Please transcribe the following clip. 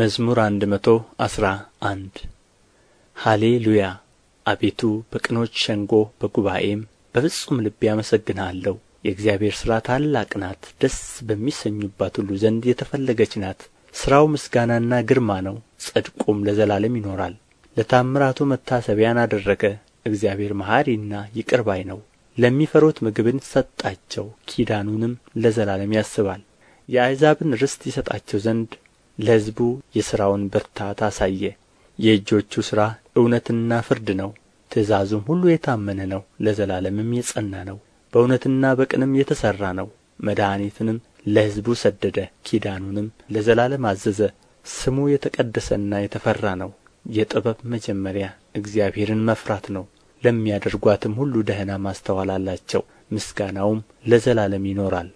መዝሙር መቶ አስራ አንድ ሃሌ ሉያ አቤቱ በቅኖች ሸንጎ በጉባኤም በፍጹም ልቤ አመሰግንሃለሁ። የእግዚአብሔር ሥራ ታላቅ ናት፣ ደስ በሚሰኙባት ሁሉ ዘንድ የተፈለገች ናት። ሥራው ምስጋናና ግርማ ነው፣ ጽድቁም ለዘላለም ይኖራል። ለታምራቱ መታሰቢያን አደረገ። እግዚአብሔር መሐሪና ይቅር ባይ ነው። ለሚፈሩት ምግብን ሰጣቸው፣ ኪዳኑንም ለዘላለም ያስባል። የአሕዛብን ርስት ይሰጣቸው ዘንድ ለሕዝቡ የሥራውን ብርታት አሳየ የእጆቹ ሥራ እውነትና ፍርድ ነው ትእዛዙም ሁሉ የታመነ ነው ለዘላለምም የጸና ነው በእውነትና በቅንም የተሠራ ነው መድኃኒትንም ለሕዝቡ ሰደደ ኪዳኑንም ለዘላለም አዘዘ ስሙ የተቀደሰና የተፈራ ነው የጥበብ መጀመሪያ እግዚአብሔርን መፍራት ነው ለሚያደርጓትም ሁሉ ደህና ማስተዋል አላቸው ምስጋናውም ለዘላለም ይኖራል